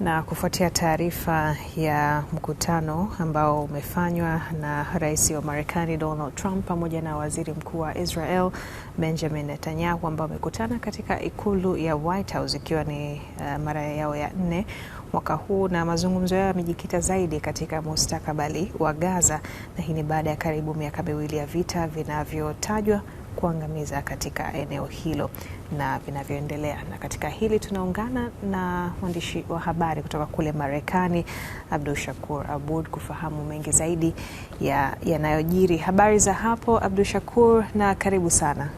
Na kufuatia taarifa ya mkutano ambao umefanywa na rais wa Marekani Donald Trump pamoja na waziri mkuu wa Israel Benjamin Netanyahu ambao wamekutana katika ikulu ya White House ikiwa ni uh, mara yao ya nne mwaka huu, na mazungumzo yao yamejikita zaidi katika mustakabali wa Gaza, na hii ni baada ya karibu miaka miwili ya vita vinavyotajwa kuangamiza katika eneo hilo na vinavyoendelea. Na katika hili tunaungana na mwandishi wa habari kutoka kule Marekani, Abdul Shakur Abud, kufahamu mengi zaidi ya yanayojiri. Habari za hapo Abdul Shakur, na karibu sana.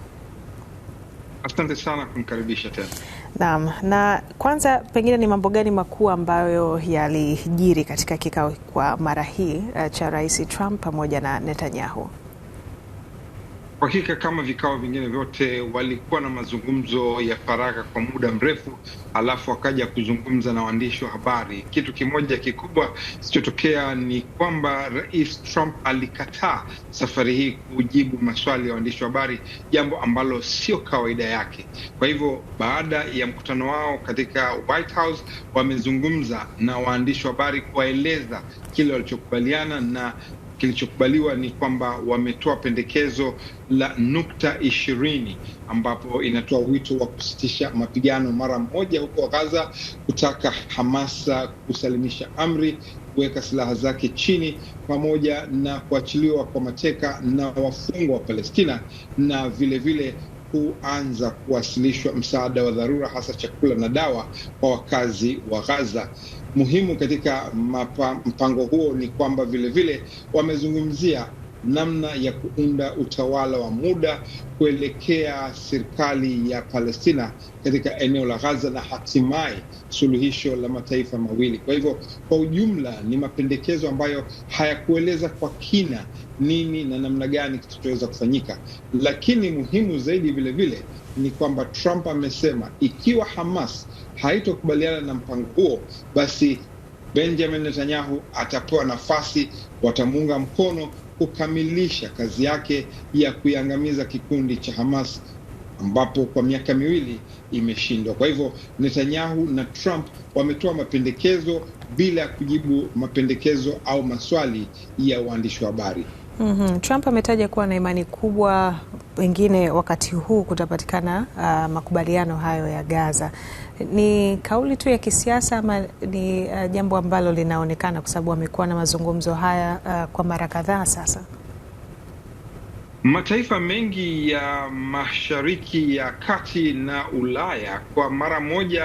Asante sana kumkaribisha tena. Naam, na kwanza pengine ni mambo gani makuu ambayo yalijiri katika kikao kwa mara hii eh, cha Rais Trump pamoja na Netanyahu? Kwa hakika kama vikao vingine vyote, walikuwa na mazungumzo ya faragha kwa muda mrefu, alafu wakaja kuzungumza na waandishi wa habari. Kitu kimoja kikubwa kilichotokea ni kwamba Rais Trump alikataa safari hii kujibu maswali ya waandishi wa habari, jambo ambalo sio kawaida yake. Kwa hivyo baada ya mkutano wao katika White House, wamezungumza na waandishi wa habari kuwaeleza kile walichokubaliana na kilichokubaliwa ni kwamba wametoa pendekezo la nukta ishirini ambapo inatoa wito wa kusitisha mapigano mara moja huko Gaza, kutaka Hamasa kusalimisha amri, kuweka silaha zake chini, pamoja na kuachiliwa kwa mateka na wafungwa wa Palestina na vilevile vile kuanza kuwasilishwa msaada wa dharura, hasa chakula na dawa kwa wakazi wa Gaza. Muhimu katika mapa, mpango huo ni kwamba vilevile wamezungumzia namna ya kuunda utawala wa muda kuelekea serikali ya Palestina katika eneo la Gaza na hatimaye suluhisho la mataifa mawili. Kwa hivyo, kwa ujumla ni mapendekezo ambayo hayakueleza kwa kina nini na namna gani kitachoweza kufanyika, lakini muhimu zaidi vilevile vile, ni kwamba Trump amesema ikiwa Hamas haitokubaliana na mpango huo basi Benjamin Netanyahu atapewa nafasi, watamuunga mkono kukamilisha kazi yake ya kuiangamiza kikundi cha Hamas ambapo kwa miaka miwili imeshindwa. Kwa hivyo Netanyahu na Trump wametoa mapendekezo bila ya kujibu mapendekezo au maswali ya waandishi wa habari. Mm -hmm. Trump ametaja kuwa na imani kubwa pengine wakati huu kutapatikana uh, makubaliano hayo ya Gaza. Ni kauli tu ya kisiasa ama ni uh, jambo ambalo linaonekana kwa sababu amekuwa na mazungumzo haya uh, kwa mara kadhaa sasa. Mataifa mengi ya Mashariki ya Kati na Ulaya kwa mara moja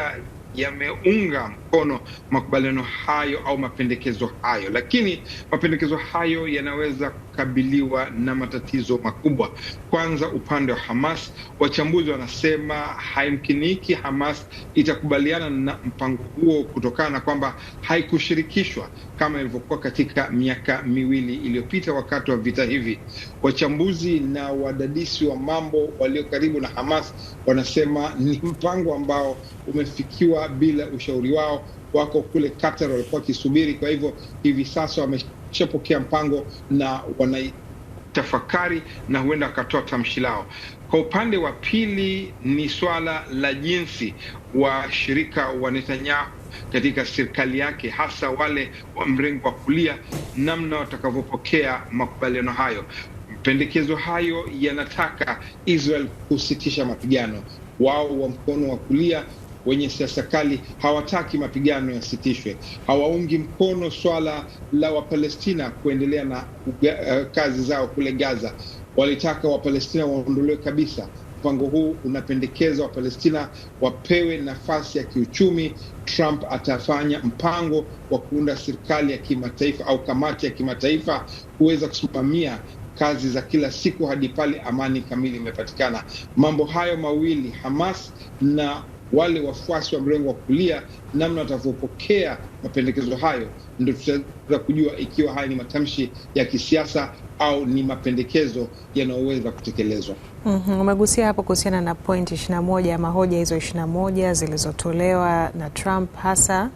yameunga mkono makubaliano hayo au mapendekezo hayo, lakini mapendekezo hayo yanaweza kukabiliwa na matatizo makubwa. Kwanza, upande wa Hamas, wachambuzi wanasema haimkiniki Hamas itakubaliana na mpango huo kutokana na kwamba haikushirikishwa kama ilivyokuwa katika miaka miwili iliyopita wakati wa vita hivi. Wachambuzi na wadadisi wa mambo walio karibu na Hamas wanasema ni mpango ambao umefikiwa bila ushauri wao wako kule Qatar walikuwa wakisubiri. Kwa hivyo hivi sasa wameshapokea mpango na wanaitafakari na huenda wakatoa tamshi lao. Kwa upande wa pili ni swala la jinsi washirika wa Netanyahu katika serikali yake hasa wale wa mrengo wa kulia namna watakavyopokea makubaliano hayo. Mapendekezo hayo yanataka Israel kusitisha mapigano, wao wa mkono wa kulia wenye siasa kali hawataki mapigano yasitishwe, hawaungi mkono swala la Wapalestina kuendelea na uh, kazi zao kule Gaza. Walitaka Wapalestina waondolewe kabisa. Mpango huu unapendekeza Wapalestina wapewe nafasi ya kiuchumi. Trump atafanya mpango wa kuunda serikali ya kimataifa au kamati ya kimataifa kuweza kusimamia kazi za kila siku hadi pale amani kamili imepatikana. Mambo hayo mawili Hamas na wale wafuasi wa mrengo wa kulia namna watavyopokea mapendekezo hayo, ndo tutaweza kujua ikiwa haya ni matamshi ya kisiasa au ni mapendekezo yanayoweza kutekelezwa. Mm -hmm. Umegusia hapo kuhusiana na point 21 ama hoja hizo 21 zilizotolewa na Trump hasa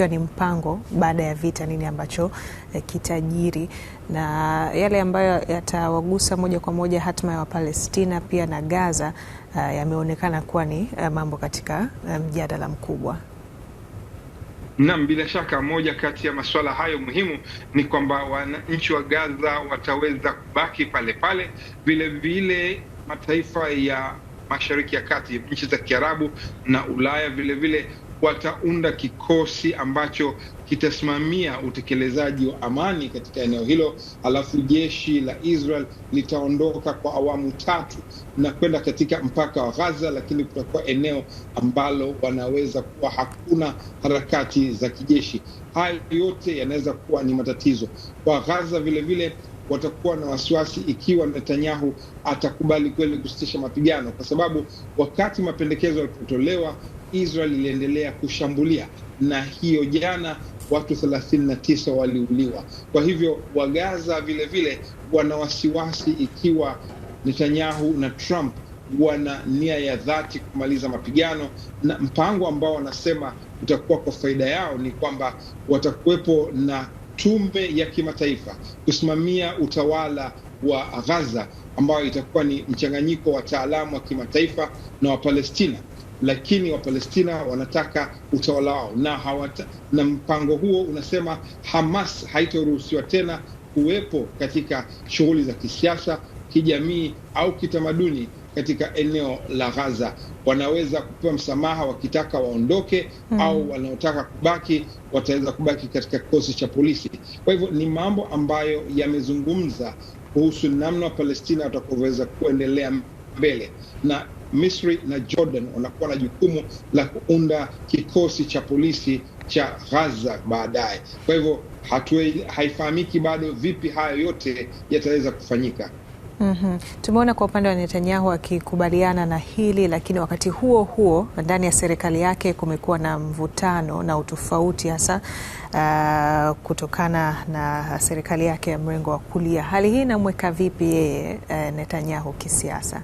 uh, ni mpango baada ya vita, nini ambacho Eh, kitajiri na yale ambayo yatawagusa moja kwa moja hatima ya Wapalestina pia na Gaza uh, yameonekana kuwa ni uh, mambo katika mjadala um, mkubwa. Naam, bila shaka moja kati ya masuala hayo muhimu ni kwamba wananchi wa Gaza wataweza kubaki pale pale, vile vile mataifa ya Mashariki ya Kati, nchi za Kiarabu na Ulaya vile vile wataunda kikosi ambacho kitasimamia utekelezaji wa amani katika eneo hilo. Alafu jeshi la Israel litaondoka kwa awamu tatu na kwenda katika mpaka wa Gaza, lakini kutakuwa eneo ambalo wanaweza kuwa hakuna harakati za kijeshi. Hayo yote yanaweza kuwa ni matatizo kwa Gaza. Vilevile watakuwa na wasiwasi ikiwa Netanyahu atakubali kweli kusitisha mapigano, kwa sababu wakati mapendekezo yalipotolewa Israel iliendelea kushambulia, na hiyo jana watu 39 waliuliwa. Kwa hivyo Wagaza vilevile wana wasiwasi ikiwa Netanyahu na Trump wana nia ya dhati kumaliza mapigano, na mpango ambao wanasema utakuwa kwa faida yao ni kwamba watakuwepo na tume ya kimataifa kusimamia utawala wa Gaza ambayo itakuwa ni mchanganyiko wa wataalamu wa kimataifa na Wapalestina lakini Wapalestina wanataka utawala wao na, hawata, na mpango huo unasema Hamas haitoruhusiwa tena kuwepo katika shughuli za kisiasa, kijamii au kitamaduni katika eneo la Gaza. Wanaweza kupewa msamaha wakitaka waondoke, mm, au wanaotaka kubaki wataweza kubaki katika kikosi cha polisi. Kwa hivyo ni mambo ambayo yamezungumza kuhusu namna Wapalestina watakavyoweza kuendelea mbele na Misri na Jordan wanakuwa na jukumu la kuunda kikosi cha polisi cha Gaza baadaye. Kwa hivyo haifahamiki bado vipi hayo yote yataweza kufanyika. Mm -hmm. Tumeona kwa upande wa Netanyahu akikubaliana na hili, lakini wakati huo huo ndani ya serikali yake kumekuwa na mvutano na utofauti hasa uh, kutokana na serikali yake ya mrengo wa kulia. Hali hii inamweka vipi yeye uh, Netanyahu kisiasa?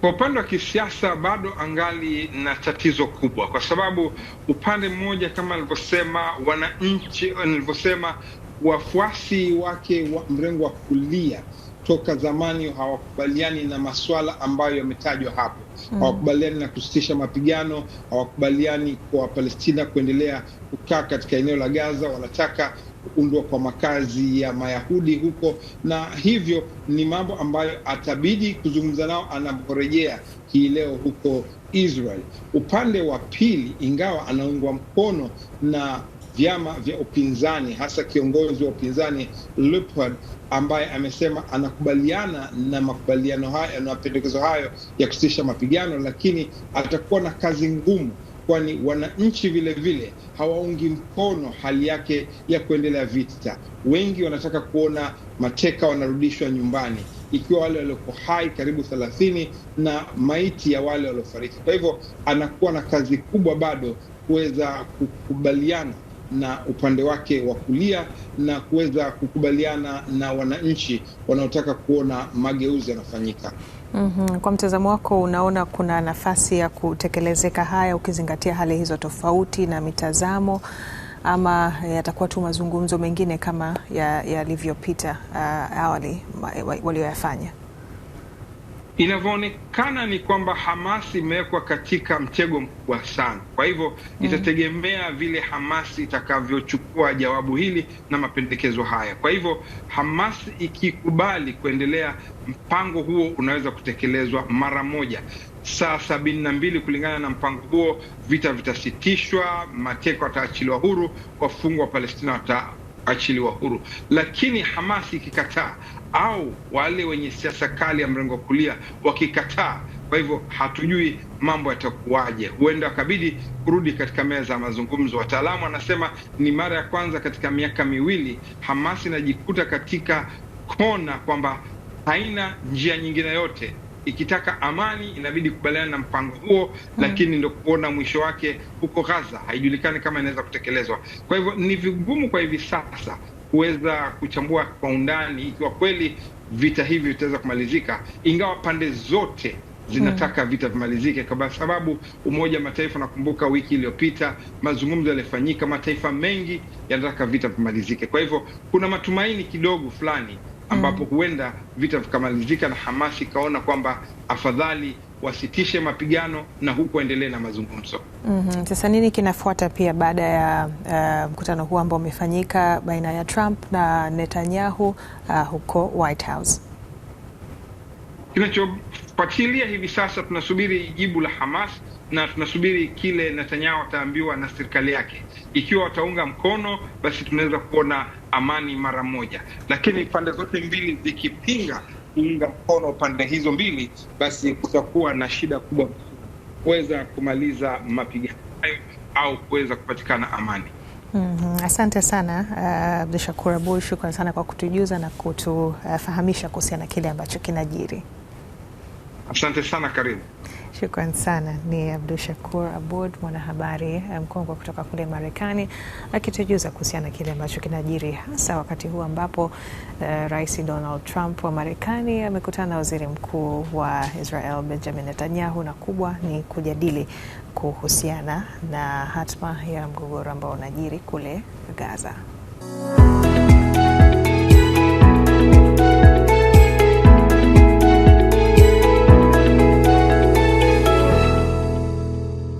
Kwa upande wa kisiasa bado angali na tatizo kubwa, kwa sababu upande mmoja, kama alivyosema wananchi, nilivyosema wafuasi wake wa mrengo wa kulia toka zamani hawakubaliani na masuala ambayo yametajwa hapo mm. Hawakubaliani na kusitisha mapigano, hawakubaliani kwa Wapalestina kuendelea kukaa katika eneo la Gaza, wanataka kuundwa kwa makazi ya Mayahudi huko, na hivyo ni mambo ambayo atabidi kuzungumza nao anaporejea hii leo huko Israel. Upande wa pili, ingawa anaungwa mkono na vyama vya upinzani hasa kiongozi wa upinzani Lippert ambaye amesema anakubaliana na makubaliano hayo na mapendekezo hayo ya kusitisha mapigano, lakini atakuwa na kazi ngumu kwani wananchi vile vile hawaungi mkono hali yake ya kuendelea vita. Wengi wanataka kuona mateka wanarudishwa nyumbani, ikiwa wale walioko hai karibu thelathini na maiti ya wale waliofariki. Kwa hivyo anakuwa na kazi kubwa bado kuweza kukubaliana na upande wake wa kulia na kuweza kukubaliana na wananchi wanaotaka kuona mageuzi yanafanyika. Mm -hmm. Kwa mtazamo wako unaona kuna nafasi ya kutekelezeka haya ukizingatia hali hizo tofauti na mitazamo ama yatakuwa tu mazungumzo mengine kama yalivyopita ya uh, awali walioyafanya? Inavyoonekana ni kwamba Hamasi imewekwa katika mtego mkubwa sana, kwa hivyo mm, itategemea vile Hamasi itakavyochukua jawabu hili na mapendekezo haya. Kwa hivyo Hamasi ikikubali kuendelea, mpango huo unaweza kutekelezwa mara moja saa sabini na mbili kulingana na mpango huo. Vita vitasitishwa, mateka wataachiliwa huru, wafungwa wa Palestina wataachiliwa huru, lakini Hamasi ikikataa au wale wenye siasa kali ya mrengo wa kulia wakikataa. Kwa hivyo hatujui mambo yatakuwaje, huenda wakabidi kurudi katika meza ya mazungumzo. Wataalamu wanasema ni mara ya kwanza katika miaka miwili Hamas inajikuta katika kona kwamba haina njia nyingine yote ikitaka amani inabidi kubaliana na mpango huo, mm. lakini ndo kuona mwisho wake huko Gaza, haijulikani kama inaweza kutekelezwa. Kwa hivyo ni vigumu kwa hivi sasa kuweza kuchambua kwa undani ikiwa kweli vita hivi vitaweza kumalizika, ingawa pande zote zinataka hmm. vita vimalizike, kwa sababu Umoja wa Mataifa, nakumbuka wiki iliyopita mazungumzo yalifanyika, mataifa mengi yanataka vita vimalizike. Kwa hivyo kuna matumaini kidogo fulani ambapo hmm. huenda vita vikamalizika na Hamas ikaona kwamba afadhali wasitishe mapigano na huku waendelee na mazungumzo. mm -hmm. Sasa nini kinafuata pia baada ya uh, mkutano huu ambao umefanyika baina ya Trump na Netanyahu uh, huko White House? Kinachofuatilia hivi sasa, tunasubiri jibu la Hamas na tunasubiri kile Netanyahu ataambiwa na serikali yake. Ikiwa wataunga mkono, basi tunaweza kuona amani mara moja, lakini pande zote mbili zikipinga kuunga mkono pande hizo mbili, basi kutakuwa na shida kubwa kuweza kumaliza mapigano hayo au kuweza kupatikana amani. Mm -hmm. Asante sana uh, Abdushakur Abu, shukrani sana kwa kutujuza na kutufahamisha kuhusiana na kile ambacho kinajiri. Asante sana Karim. Shukran sana. Ni Abdu Shakur Abud, mwanahabari eh, mkongwe kutoka kule Marekani, akitujuza kuhusiana na kile ambacho kinajiri hasa wakati huu ambapo uh, Rais Donald Trump wa Marekani amekutana na waziri mkuu wa Israel Benjamin Netanyahu, na kubwa ni kujadili kuhusiana na hatma ya mgogoro ambao unajiri kule Gaza.